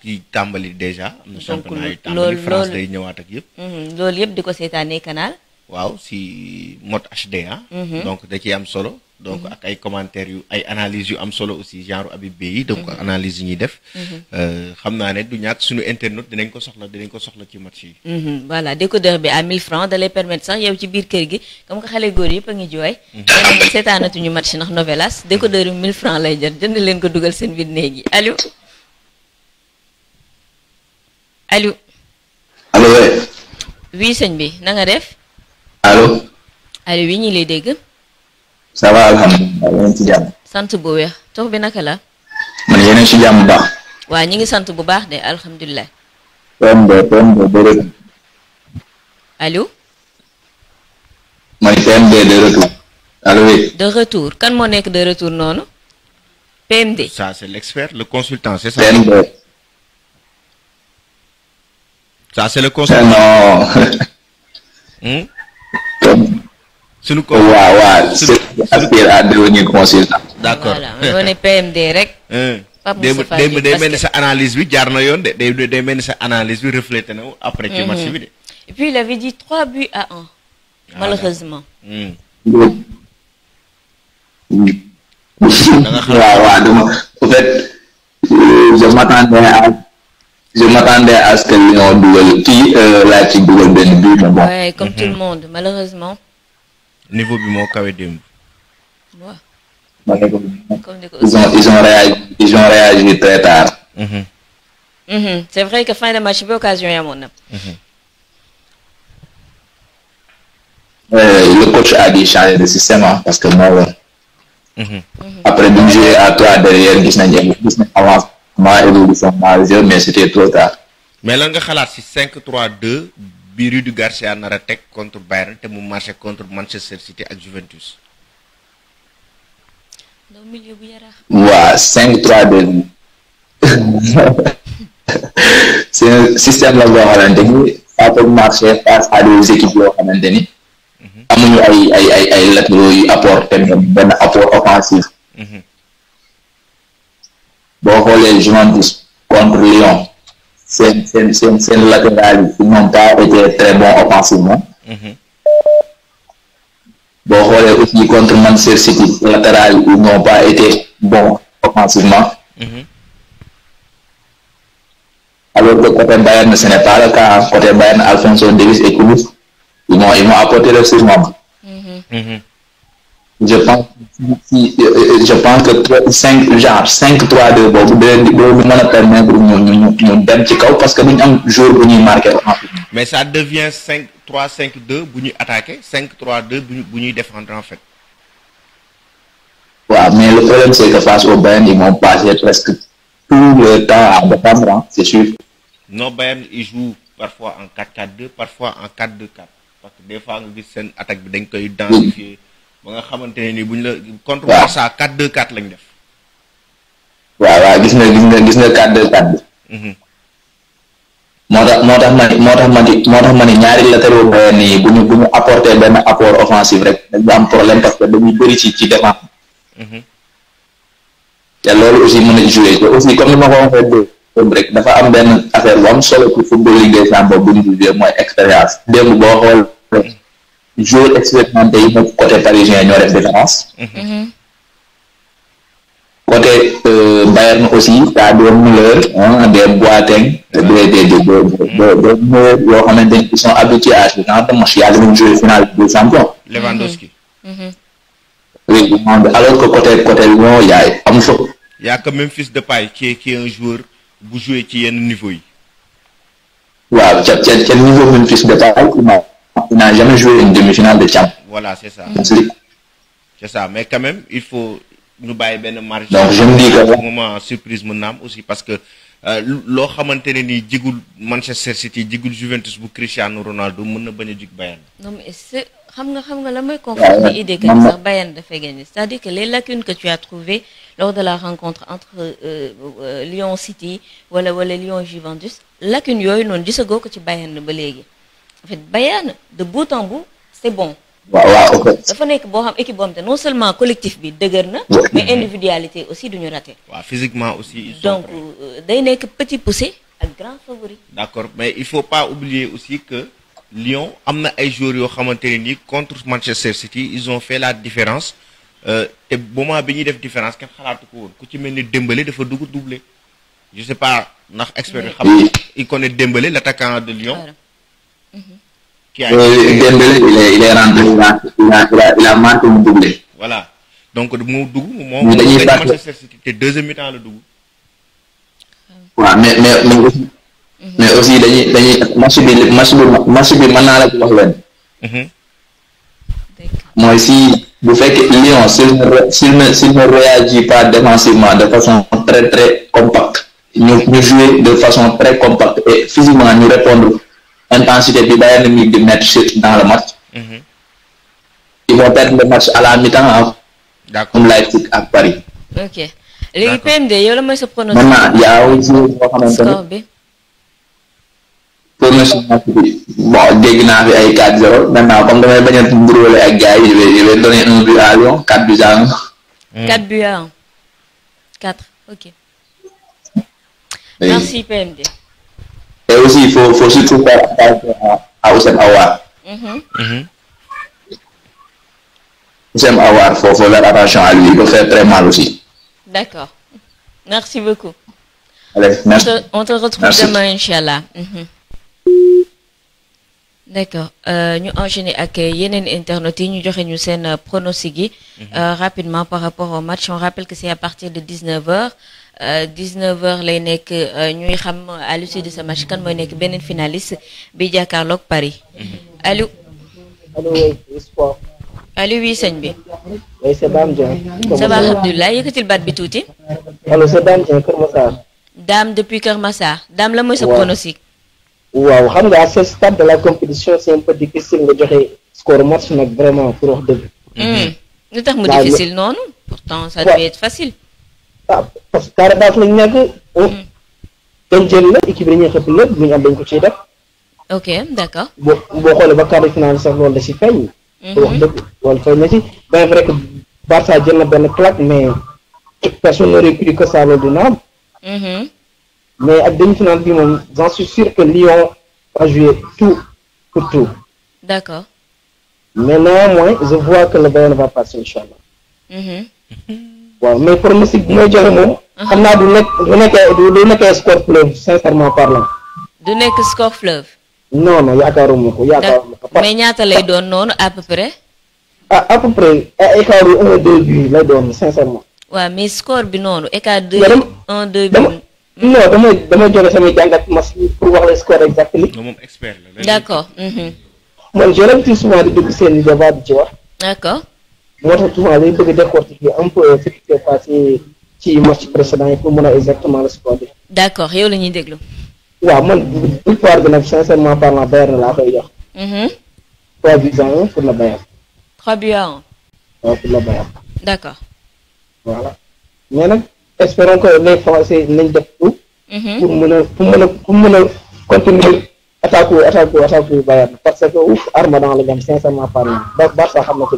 déjà championnat France day ñëwaat ak mhm. canal si mode HD donc solo donc mhm. ak ay commentaires yu ay analyses yu am solo aussi genre abi Beye yi donc mhm. analyse yi ñuy def mhm. euh, xam naa ne du ñàkk suñu internet dinañ ko soxla dinañ ko soxla ci match yi voilà décodeur bi à 1000 francs da lay permettre sax yow ci biir kër gi comme que xale góor yëpp a ngi jooy leen seetaanatuñu match ndax novelas décodeur yu 1000 francs lay jot jënd leen ko dugal seen biir néeg yi allo allo allo bi nanga def allo allo wi ñu lay dégg ça va Alhamdulillah. je suis bu a ci baax. Alhamdulillah. ngi de de retour. allo. de retour. Allô? de retour kan moo est de retour non? PMD. ça c'est l'expert le consultant c'est ça. PMD. ça c'est le euh, consultant. non. Hmm? suñu ko wa waaw aspire à devenir consultant. d'accord voilà on est PMD rek. Eh, Pape Moustapha Guèye day mel sa analyse bi jaar na yoon de day day mel sa analyse bi reflété na après ci mhm. match bi de. et puis il avait dit 3 buts à 1. Ah, malheureusement. oui hmm. wa dama en fait euh, je m'attendais à je m'attendais à ce que Lyon dugal kii euh, laaj ci dugal ben but mais bon. comme tout le mhm. monde malheureusement niveau bi ils ont réagi très tard. Mm-hmm. Mm-hmm. c'est vrai que fin de match occasion mm-hmm. euh, le coach a dit changer de système hein, parce que moi... après à toi derrière mais c'était trop tard. mais là, nga 5 3 2. bi Rudi Garcia nara tek contre Bayern te mu marché contre Manchester City ak Juventus wa 5-3-2 c'est un système la boo xamante ni ça peut marcher face à des équipes yo xamanteni mhm. amuñu ay ay ay ay latéraux yu apporter ben benn apport offensif mhm. bo xolé Juventus contre Lyon seen seen seen seen latéral yi n'ont pas été très bons offensivement mm-hmm. boo xoolee aussi contre Manchester latéral yi n'ont pas été bons offensivement mm-hmm. alors que côté Bayern ce n'est pas le cas hein. côté Alphonso Davies et Koulibaly ils m'ont ils m'ont apporté leur surnom mm-hmm. je pense que 5 3 2 bon vous permettre de nous parce que buñ am jour bu ñuy marquer mais ça devient 5 3 5 2 pour nous attaquer 5 3 2 pour défendre en fait ouais mais le problème c'est que face au Bayern ils m'ont passé presque tout le temps à défendre hein, c'est sûr non Bayern ils jouent parfois en 4 4 2 parfois en 4 2 4 parce que des fois ils attaque qui est densifier ba nga xamantene ni buñ la contre sa 4 2 4 lañ def waaw waaw gis nga gis nga gis nga 4 2 4 mhm. motax motax man motax man motax man ñaari latéral moy ni buñu buñu apporter ben apport offensif rek da nga am problème parce que dañuy bari ci ci défense hmm té lolu aussi mëna jouer té aussi comme nima ko waxé do comme rek dafa am ben affaire bu am solo ci football ligue des champions buñu jouer moy expérience dem bo xol Jouer expérimenté côté parisien mm-hmm. côté euh, Bayern aussi hein, des Boateng des mm-hmm. des des des des ils sont habitués à ce boîtes, de boîtes, des le jouer finale Lewandowski. Mm-hmm. oui alors que côté y' a am un y' a Memphis qui qui est un joueur bu jouer ci yenn niveau yi. boîtes, fils il n'a jamais joué une demi-finale de champ. Voilà, c'est ça. C'est ça. Mais quand même, il faut nous bailler ben marge. Donc, je me dis que. moment surprise, mon âme aussi, parce que. Euh, lo xamantene ni digul Manchester City digul Juventus bu Cristiano Ronaldo mën na bañ a jig Bayern. non mais c'est xam nga xam nga la may idée que Bayern c'est-à-dire que les lacunes que tu as trouvées lors de la rencontre entre euh, euh, Lyon City wala wala Lyon Juventus lacunes yooyu noonu gisagoo ko ci Bayern ba léegi en fait Bayern de bout en bout c'est bon. Il faut dafa nekk boo xam équipe non seulement collectif bi mais individualité aussi du raté. physiquement aussi. donc euh, day nekk petit poussé un grand favori. D'accord, mais il faut pas oublier aussi que Lyon am na ay joueurs contre Manchester City ils ont fait la différence Et euh, moment bi ñuy def différence kenn xalaatu ko woon ku ci mel ni Dembélé dafa dugg doublé je sais pas ndax expert xam il connaît Dembélé l'attaquant de Lyon. Euh, il est, rentré, il a, il a, marqué un doublé. Voilà. Donc, le mot moom mu Manchester City deuxième mi-temps le dugg. mais mais aussi. mais aussi dañuy dañuy match bi match bi match bi mën naa mhm. Lyon s'il ne réagit pas défensivement de façon très très compacte Nous jouer de façon très compacte et physiquement nous répondre intensité de Bayern Munich di dans le match. -hmm. Ils vont perdre le match à la mi-temps hein. comme Leipzig à Paris. Ok. Les PMD yow la mooy sa pronostic. il y' a aussi boo xamante ni pronostic match bi bon dégg naa fi ay 4-0 maintenant comme damay bañ a mburóole ak gars yi je donné je un but à Lyon 4 buts à 4 mhm. buts à 1 4 ok. merci PMD. Et aussi, il faut, faut surtout faire attention à Oussem Awar. Oussem Awar, il faut, faut faire attention à lui. Il peut faire très mal aussi. D'accord. Merci beaucoup. Allez, On, te, retrouve demain, Inch'Allah. Mm-hmm. D'accord. Euh, nous enchaînons avec Yenen Internaute. Nous avons un euh, pronostic mm-hmm. euh, rapidement par rapport au match. On rappelle que c'est à partir de 19h. 19h euh, lay nek euh, ñuy xam à euh, l'issue de ce match kan mooy nek finaliste bi jàkkaarloog Paris. Allô mhm. Allô, oui sport. Allô, oui c'est bi. oui c'est Dame Jean. ça va alhamdulilah yëkkatil bat bi tuuti. Allô, c'est Dame Jean, comment ça? Dame depuis Kër Massar Dame la je sa pronostic. waaw xam nga à ce stade de la compétition c'est un peu difficile nga joxe score match nag vraiment pour wax dëgg. Hmm. Mhm. lu tax mu difficile non. pourtant ça devait être facile waaw ah, parce que carré basse lañ nekk. dañ oh. hmm. la équipe de xëpp lépp lu ñu am dañ ko ciy ok d'accord. bon bon xoolee ba carré final sax loolu da si feeñ. Hmm. wax dëgg loolu feeñ na si bien vrai que Barça jël na benn claque mais personne n'aurait cru que ça le dina am. Hmm. mais ak demi-finale bi j'en suis sûr que Lyon va jouer tout pour tout. D'accord. Mais néanmoins, je vois que le Bayern va passer, Inch'Allah. Mm -hmm. waaw mais pronostic bi mooy joxe moom. Mhm. xam naa du nekk du nekkee du nekkee score fleuve sincèrement parlant. du nekk score fleuve. non non yaakaaruma ko yaakaaruma ko. mais ñaata lay doon noonu à peu près. ah près écart yu un deux bi lay doon sincèrement. waaw mais score bi noonu écart deux un deux bi. Hmm. non dama dama joxe sama jàngat mas pour wax la score exactement. moom expert man j' ai souvent di dugg seen débat bi ci wax. d' moo tax souvent day bëgg décortiquer un peu ce qui s'est passé ci match précédent yi pour mën a exactement le score bi. d' accord yow la ñuy déglu. waaw man victoire bi nag sincèrement parlant Bayern laa koy jox. 3 mm-hmm. buts à 1 pour le Bayern. 3 buts à 1. waaw pour nag espérons que les Français nañ def tout. Mm-hmm. pour mën a pour mën a pour mën a continuer attaque attaque attaque Bayern parce que ouf Armadan la ñu am sincèrement parlant ba Barça xam na ci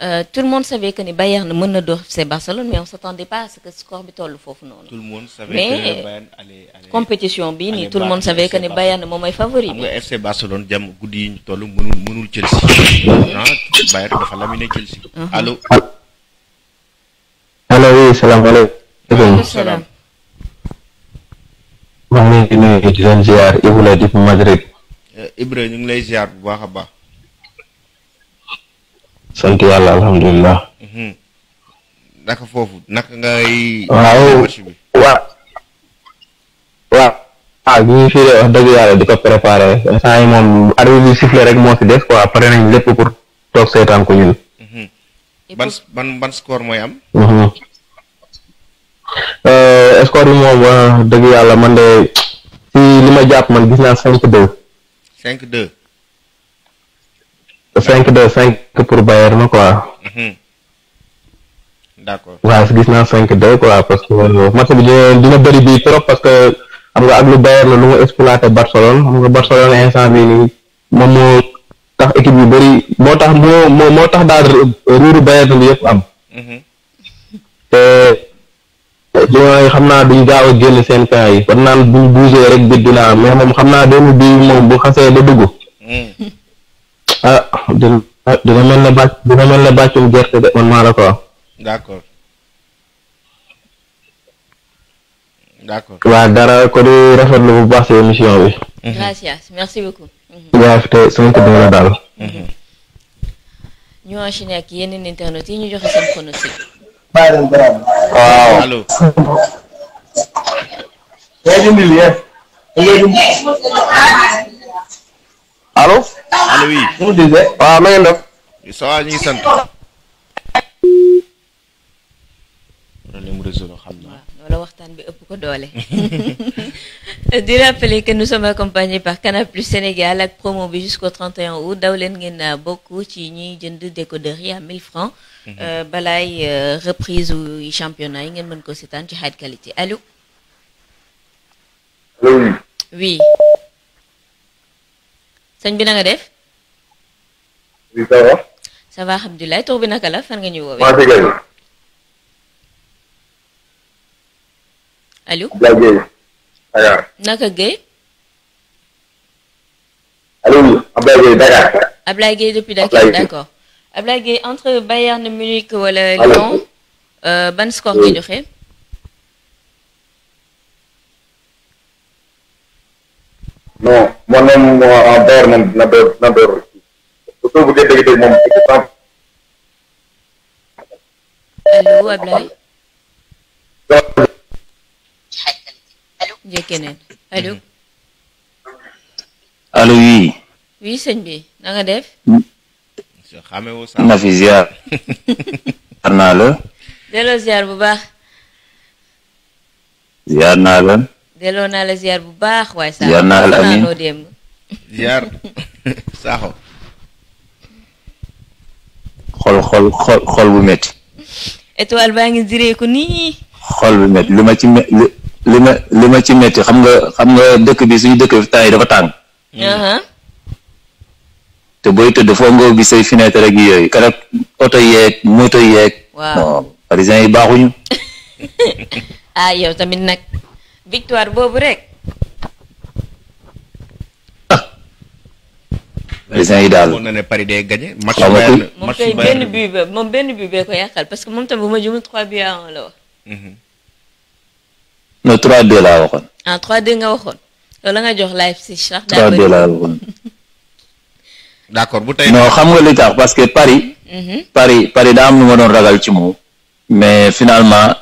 Euh, tout le monde savait que Bayern mën na dox c'est Barcelone mais on s'attendait pas à ce que ce score bi tollu foofu tout le monde savait mais que Bayern allait, allait compétition bi nii tout le monde savait que ne Bayern moom mooy favori bi. xam nga FC Barcelone jàmm guddi yi ñu toll mënul mënul Chelsea. ah Bayern dafa laminé Chelsea. Mhm. allo. allo oui salaamaaleykum. waaleykum Salam. maa ngi leen di ziar Ibou Laye depuis Madrid. Euh, Ibra ñu ngi lay ziar bu baax a sant yàlla alhamdulilah. Mhm. naka foofu naka ngay. waaw waaw. waaw. ah ñu fi dëgg yàlla di ko préparé instant yi moom arbitre bi rek moo fi des quoi pare nañ lépp pour toog seetaan ko ñun. Mhm. ban score mooy am. Mhm. Euh, score bi moom wax dëgg yàlla man de si li ma jàpp man gis naa cinq deux. cinq deux. cinq de cinq pour Bayern quoi. Mhm. d' accord waaw gis naa cinq de quoi parce que euh, match bi dina dina bëri bii trop parce que xam nga ak lu Bayern lu mu exploité Barcelone xam nga Barcelone instant bii nii moom moo tax équipe yu bari moo tax moo moo tax daal ruuru Bayern bi yëpp am. Mhm. te ñooy xam naa duñ gaaw a génn seen camp yi kon naan buñ bougé rek bit dina am mais moom xam naa benn bii moom bu xasee ba dugg. Mhm. ah dina ah, dina mel ne bàcc dina mel ne bàccum gerte de man maa la ko wax. dara ko di rafetlu bu baax si émission bi. Mhm. gracias merci beaucoup. Mhm. waaw te sama ko dina la daal. Mhm. ñu enchaîné ak yeneen internet yi ñu joxe seen pronostic. waaw Allô oui. vous na Ah, def. ça va ñu ngi On problème réseau la xam naa. wala waxtaan bi ëpp ko doole. di rappeler que nous sommes accompagnés par Canal Plus Sénégal ak promo jusqu'au 31 août daw leen ngeen euh, bokk ci ñiy jënd décodeur yi à 1000 francs mhm. euh, Balay euh, reprise yu championnat yi ngeen mën ko seetaan ci high qualité allo. allo oui. oui sëñ bi na nga def. oui ça va. ça va alhamdulilah tur bi naka la fan nga ñu woowee. Massé Gueye. allo. Abdoulaye Gueye. Dakar. naka Gueye. allo Abdoulaye Gueye Dakar. Abdoulaye Gueye depuis Dakar d' accord. Abdoulaye Gueye entre Bayern Munich wala Lyon. Euh, ban score nga joxe. no monem ador nador nador itu begitu begitu mom kita halo ablaye jekenen allo allo oui oui seigne bi na nga def xamé wo sa na fi ziar arna delo ziar bu ziar na la delloo naa la ziar bu baax waaye saa. naa la amiin démb. ziar saaxo. xol xol xol xol bu metti étoile baa ngi diree ko nii. xol bu métti li ma ci mé ma li ma ci métti xam nga xam nga dëkk bi suñu dëkk bi temps yi dafa tàng. te booy tëdd foo nga bi say fenêtre rek yooyu keroog oto yeeg moto yeeg. parisien yi baaxuñu. ah yow tamit nag. victoire boobu rek. président yi daal moom na ne Paris day gagné. benn but bee ko yàqal parce que moom tam bu ma jumul 3 buts à 1 la wax. Mhm. non 3-2 laa waxoon. ah 3-2 nga jox Leipzig sax. accord bu tey. non xam nga li tax parce que Paris. Mhm. Paris Paris daa am lu doon ragal ci moom. mais finalement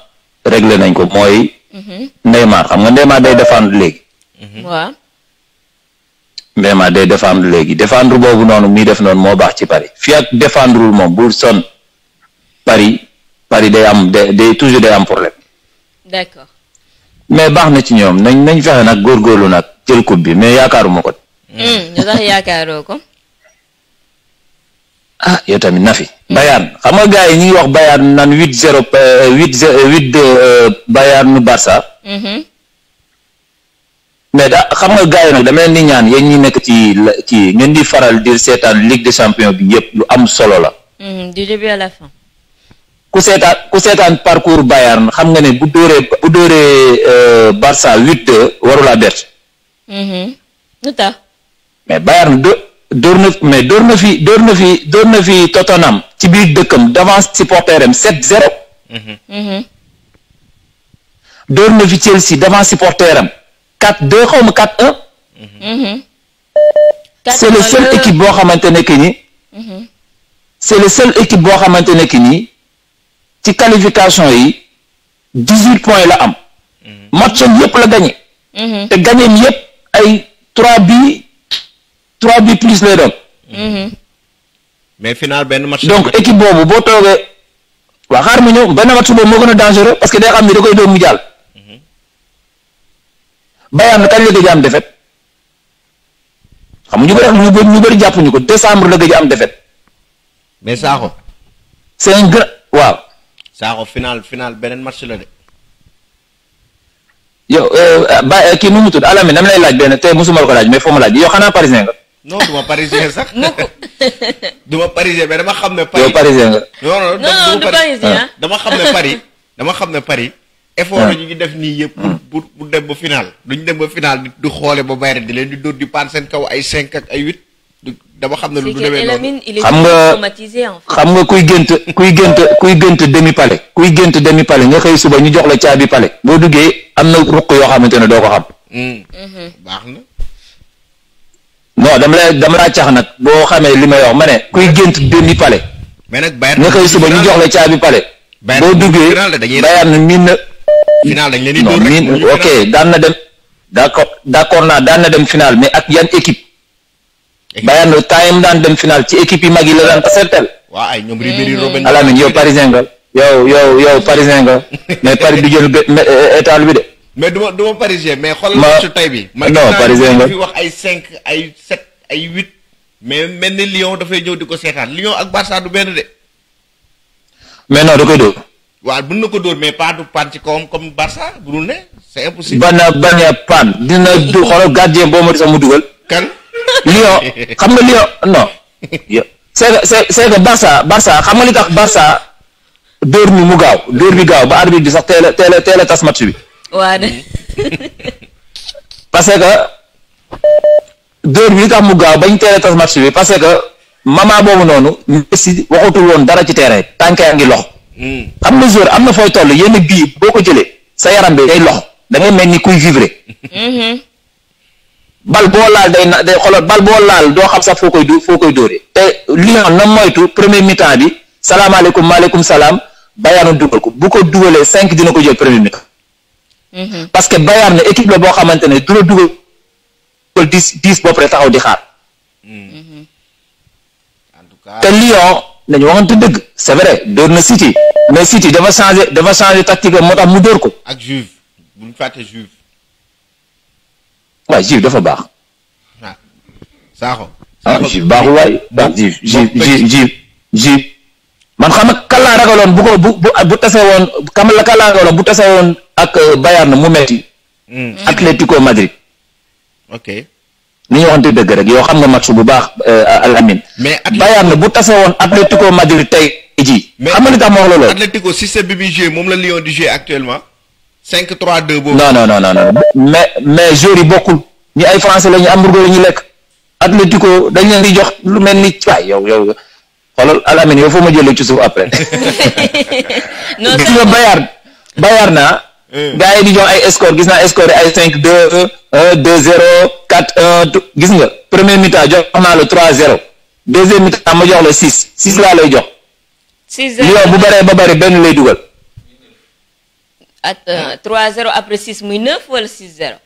réglé nañ ko mooy. Mm-hmm. Neymar xam nga Neymar day défendre léegi. Mm-hmm. waaw. Neymar day défendre léegi défendre boobu noonu muy def noonu moo baax ci Paris fii ak défendreul moom bu son Paris Paris day am day toujours day am problème. d'accord. mais baax na ci ñoom nañ nañ fexe nag góor góorlu nag jël coupe bi mais yaakaaruma ko. Mm, ñu tax yaakaaroo ko. ah yow tamit na fi. xam nga gars yi ñu wax Bayern naan huit zéro euh, huit zéro euh, huit deux euh, Bayern Barça. Mm-hmm. mais da xam nga gars yi nag dama leen di ñaan yéen ñi nekk ci la kii ngeen di faral di seetaan Ligue des Champions bi yëpp lu am solo la. Mm-hmm. ku seetaan ku seetaan parcours Bayern xam nga ne bu dóoree bu dóoree Barça huit deux warula bett. Mm-hmm. mais Bayern deux. mais dóor na fi fi fi Tottenham ci biir dëkkam 7-0. Mhm. Dorne na fi Chelsea devant supporteram 4-2 comme 4-1. c'est le seul équipe boo xamante ne que mhm. c'est le seul équipe boo xamante ne que ni ci qualification yi 18 points la am. Mhm. match yëpp la gagner te gagner yëpp ay 3 bi trois bi plus lay doon. Mm-hmm. mais final benn match. donc équipe boobu boo toogee waa xaar ma ñëw benn match boobu moo gën a dangereux parce que day xam ni da koy doon mu jàll. Mm-hmm. Bayern na kañ la am defet xam ñu bëri ñu bëri ñu bëri jàppuñu ko décembre la gëj am defet mais Sakho. c'est un grand waaw. Sakho final final beneen match la de. yow euh, ba kii nu mu tudd Alamine dama lay laaj benn te mosuma la ko laaj mais foo ma laaj yow xanaa parisien non du ma parisien sax. du ma parisien be dama xam ne. Paris yow parisien nga. non non non ah. dama xam ne Paris dama xam ne Paris. effort ah. ñu ngi def nii yëpp. pour pour dem ba final. duñ dem ba final di xoole ba bayre di leen di dóor di paan seen kaw ay 5 ak ay 8. dama xam ne lu du demee noonu xam nga xam nga kuy gënt kuy gënt kuy gënt demi pale kuy gënt demi palais nga xëy suba ñu jox la caabi pale boo duggee am na ruq yoo xamante ne doo ko xam. Hmm. Mhm. na. non dama la dama laa nag boo xamee li may wax ma ne kuy gént demi palais. mais nag Bayern nga xëy suba ñu jox la caabi palais. boo duggee Bayern miin na. final dañ leen di dóor rek non ok daan na dem. d' accord d' accord naa daan na dem final mais ak yan équipe. Bayern temps yim daan dem final ci équipe yi mag yi la daan taseetal. waaw ay ñoom Ribéry mm. Robben. Alamine yow parisien nga. yow yow yow parisien nga mais Paris du jël état bi de. mais du ma du ma parisien mais. xoolal match tey bi. non parisien ma fi wax ay 5 ay 7 ay 8. mais mel ni Lyon dafay ñëw di ko seetaan Lyon ak Barça du benn de. mais non da koy dóor. waaw mën na ko dóor mais pas du pan ci kawam bu ne c'est impossible. ban dina du xoolal gardien ma di sax mu xam nga Lyon non. c'est xam nga li tax mu gaaw dóor bi gaaw ba arbitre di sax teel a teel a teel match bi. waaw de. Hmm. parce que dóor bi li tax mu gaaw bañ teel a tas bi parce que mama boobu noonu Messi waxatul woon dara ci terrain tànk yaa ngi lox. xam hmm. nga am na fooy toll yenn bii boo ko jëlee sa yaram bi day lox da ngay mel ni kuy vivre. Mm-hmm. bal boo laal day na day xoolal bal boo laal doo xam sax foo koy du foo koy dóoree. te Lyon na moytu premier mi-temps bi salaamaaleykum maaleykum salaam Bayern dugal ko bu ko dugalee cinq dina ko jël premier mi Mhm. parce que Bayern na équipe la boo xamante ne du la dugal dix dix bopp rek taxaw di xaar. Hmm. Mhm. te Lyon nañu waxante dëgg c'est vrai dóor na City mais City dafa changé dafa changé tactique moo tax mu dóor ko. ak Juve bu ñu fàtte Juve. dafa baax. ah Sakho. ah Juve baaxul waay. Juve Juve Juve man xam nga kan bu ko bu bu bu tase woon kan la kan laa ragaloon bu tase woon ak euh, Bayern mu metti hmm. Atlético Madrid. ok ni ñu waxante dëgg rek yow xam nga match bu baax euh, Lamine. mais Bayern bu tase woon Atlético Madrid tey ji. xam nga li tax ma wax la loolu. Atlético système bi muy joué moom la Lyon di joué actuellement. 5-3-2 boobu. non non non non mais mais yi bokkul ñi ay français la ñu hamburger la ñuy lekk. Atlético dañ leen di jox lu mel ni waay yow yow xoolal alamin yoo foo ma jëlee ci suuf après. non gis nga bayaar bayaar naa. jox ay score gis naa score ay 5 2 1 2 gis nga premier mi-temps jox naa la 3 0 deuxième mi-temps ma jox la 6 6 laa lay jox. 6 0 Lyon bu baree ba bari benn lay dugal. Euh, trois 3 après 6 muy 9 wala 6 0.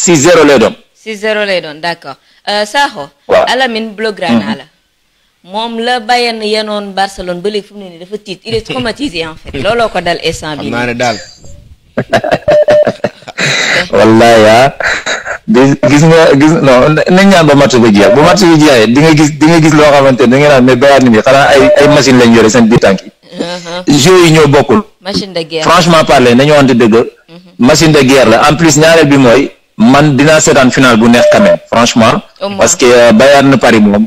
6 0 lay doon. 6 0 lay doon d'accord euh, Sakho. waaw Alamine mm-hmm. la. mom la Bayern yenoon Barcelone ba léegi fu ne nii dafa tiit il est traumatisé en fait lolo ko dal instant bi. xam naa ne daal. Ah. gis nga gis non nañ ñaan ba match bi jeex bu match bi jeexee di nga gis di nga gis lo xamantene da nga naan mais Bayern ni xanaa ay ay machine lañ yore sen biir tànk yi. Uh-huh. jeux yi ñoo bokul machine de guerre franchement parler nañu wante dëgg. Uh-huh. machine de guerre la en plus ñaareel bi moy man dina sétane final bu neex quand même franchement. parce que euh, Bayern Paris mom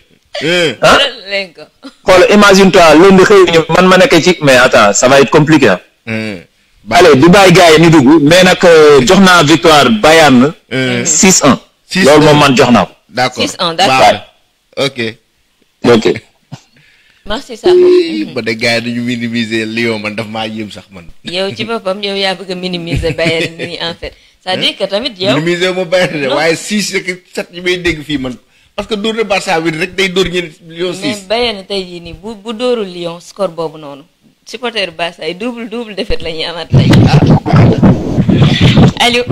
imagine toi lundi man ma nekk ci mais attends ça va être compliqué hein. eh. bah. allez du bàyyi gars ñu dugg euh, eh. victoire Bayern. 6-1. Eh. loolu d'accord 6-1 d'accord ok. ok. merci Sakho. gars minimiser Lyon man daf sax man. yow ci yow bëgg minimiser Bayern en fait que Bayern parce que dóor na Barça wér rek day dóor ñenn Lyon 6. mais Bayern tey jii nii bu bu dóorul score boobu noonu supporter Barça ay double double défaite la ñuy amaat tey. Ah. allo.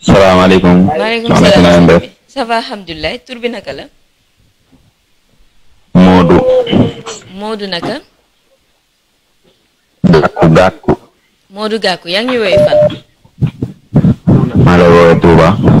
salaamaaleykum. maaleykum salaam naka la. Gàkku Gàkku. Moodu Gàkku yaa ngi woowee fan. maa ngi lay woowee Touba.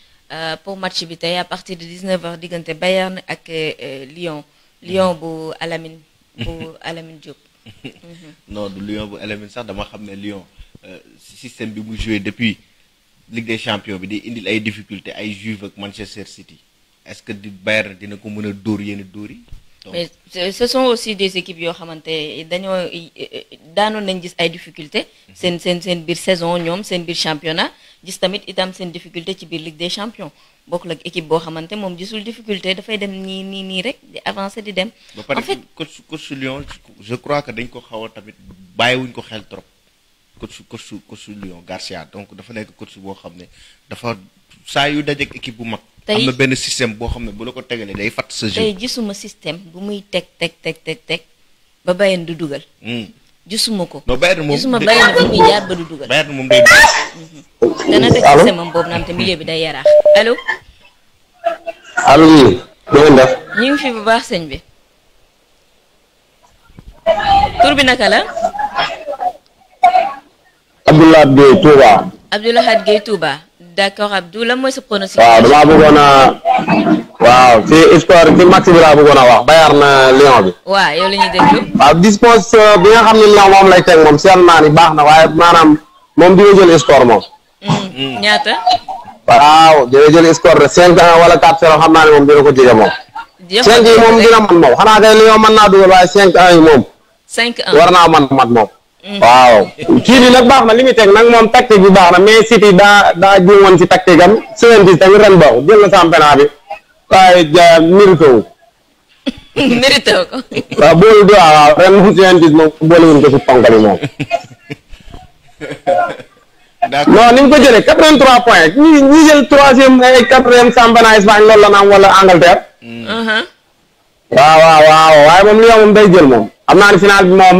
Euh, pour match à partir de 19h diggante Bayern ak euh, Lyon. Lyon mhm. bu Alamine. bu Alamine Diop. Mhm. non du Lyon bu Alamine sax dama xamné ne Lyon euh, système bi mu joué depuis Ligue des Champions bi di indil ay difficultés ay Juve ak Manchester City est-ce que le Bayern dina ko la a mais ce sont aussi des équipes yo ont dañoo nañ gis ay difficultés. C'est une sen saison c'est une bir championnat. gis tamit itam seen difficulté ci biir Ligue des champions bokkul ak équipe boo xamante moom gisul difficulté dafay dem nii nii nii rek di avancer di dem. en fait coach coach Lyon je crois que dañ ko xaw tamit tamit wuñ ko xel trop. coach coach coach Lyon Garcia donc dafa nekk coach boo xam ne dafa saa yu dajeek équipe bu mag. tey am benn système boo xam ne bu la ko tegalee day fat sa jeu. tey gisuma système bu muy teg teg teg teg teg ba Bayern du dugal. Hmm. gisuma ko. non Bayern moom gisuma Bayern fu muy jaar ba du dugal. Bayern moom day dana dëkk semam boobu naan te milieu bi day yaraax allo. allo oui. ñu ngi fi bu baax sëñ bi. tur bi naka la. Abdoulaye Gueye Touba. Abdoulaye Gueye Touba. d'accord Abdou lan mooy sa pronostic. waaw damaa bëggoon a waaw ci histoire ci match bi laa bëggoon wax Bayern na euh, Lyon bi. waaw yow bi nga xam ne la moom lay teg moom seetlu naa ni baax na waaye maanaam moom dina jël score moom. Hmm, ñaata. waaw dina jël score de cinq wala quatre zéro xam naa ne moom dina yi moom dina man moom xanaa kay mën naa dugal waaye moom. cinq un war naa mën mat moom. waaw kii bi nag baax na li muy teg nag moom tactique bi baax na mais City daa daa juumoon si tactique am Juventus tamit ren baaxul jël na championnat bi waaye ja mérité wu. mérité wu ko. boolu bi waaw waaw ren moom Juventus moom boolewuñ ko si ponkali moom. non ni mu ko jëlee 83 points ñi ñi jël troisième ay quatrième championnat Espagne loolu la na am wala uh-huh. waaw waaw waaw waaye moom li moom day jël moom xam naa ne final bi moom.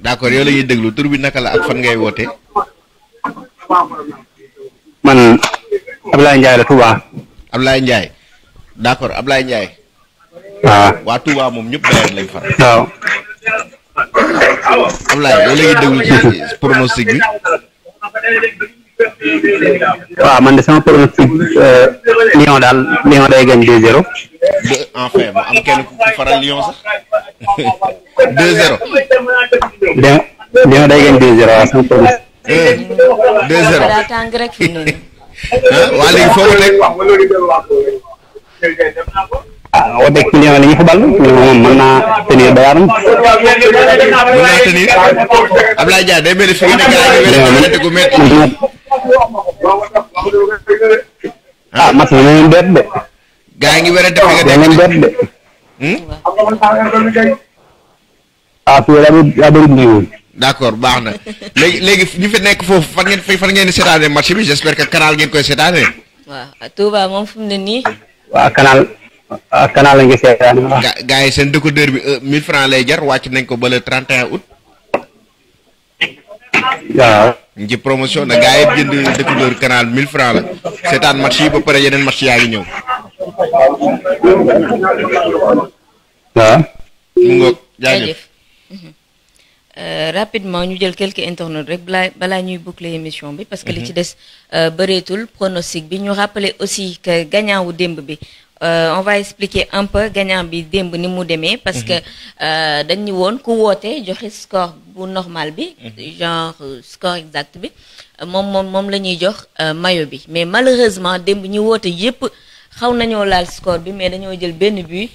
d'accord yow la ñuy déglu tur bi naka la ak fan ngay woote. man Ablaye Ndiaye la Touba. Ablaye Ndiaye d'accord Ablaye Ndiaye. waaw waa Touba moom ñëpp Bayern lañ far. waaw. Ablaye yow la ñuy déglu bi. waaw man de sama pronostic euh, Lyon daal Lyon day gañ 2-0. deux enfin am kenn ku faral Lyon sax 2-0. Lyon day gañ 2-0 waaw sama pronostic. 2-0 daa tàng o de client lañu xubal mom man na tenir bayaram man na tenir ablaye dia day mel fi nga nek ay gu metti ah mat na ñu bet de gaay ngi wérante fi nga nek bet de hmm ah fi la ya bari ni won d'accord baxna légui légui ñu fi nek fofu fan ngeen fan ngeen sétané match bi j'espère que canal ngeen koy sétané wa touba mom fum ne ni wa canal Ah, canal lañ koy seetaan. gars yi seen décodeur bi 1000 euh, francs lay jar wàcc nañ ko ba le 31 août. waaw. ci promotion na gars yi jënd décodeur canal 1000 francs la seetaan match yi ba pare yeneen match yaa ngi ñëw. waaw. mu mhm. euh, rapidement ñu jël quelques internautes rek balaa balaa ñuy boucler émission bi. parce que li mhm. ci des euh, bëreetul pronostic bi ñu rappeler aussi que gagnant démb bi. Euh, on va expliquer un peu gagnant bi démb ni mu demee parce que mhm. euh, ni won ku woté joxe score bu normal bi mhm. genre euh, score exact bi mom mom mom lañuy jox euh, maillot bi mais malheureusement démb ñi woté yépp xaw nañoo laal score bi mais dañoo jël benn but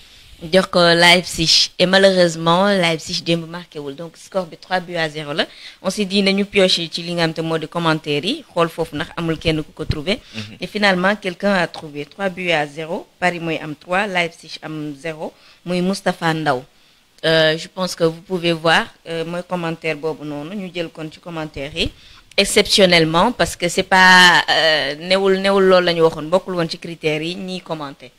dire que Leipzig et malheureusement Leipzig démb marqué donc score de 3 buts à 0 là on s'est dit nañu piocher ci li nga xam te commentaire yi xool amul kenn ko trouver mhm. et finalement quelqu'un a trouvé 3 buts à 0 Paris moy am 3 Leipzig am 0 moy Moustapha Ndaw euh, je pense que vous pouvez voir euh, commentaires commentaire bobu noonu ñu jël kon ci commentaire yi. exceptionnellement parce que c'est pas euh, newul newul loolu la ñu ci critères yi ñi commenter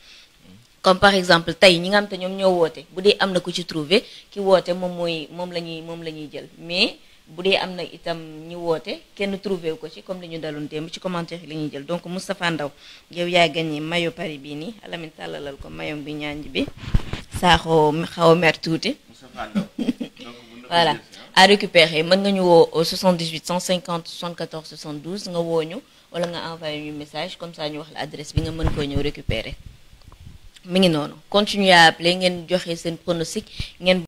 comme par exemple tay ñi nga xam te ñoom ñoo woote bu dee am na ku ci trouvé ki woote moom mooy moom la ñuy moom la ñuy jël mais bu dee am na itam ñi woote kenn trouvé ko ci comme li ñu daloon démb ci commentaire yi la ñuy jël donc Moustapha Ndaw yow yaa gagné mayo Paris bii nii alamin tàllalal ko mayo bi ñaanj bi saaxoo xaw a mer tuuti voilà hein. à récupérer mën nga ñu woo au 78 150 74 72 nga woo ñu wala nga envoyé ñu message comme ça ñu wax la adresse bi nga mën koo ñëw récupérer mi ngi noonu continuer à ngeen joxe seen pronostic ngeen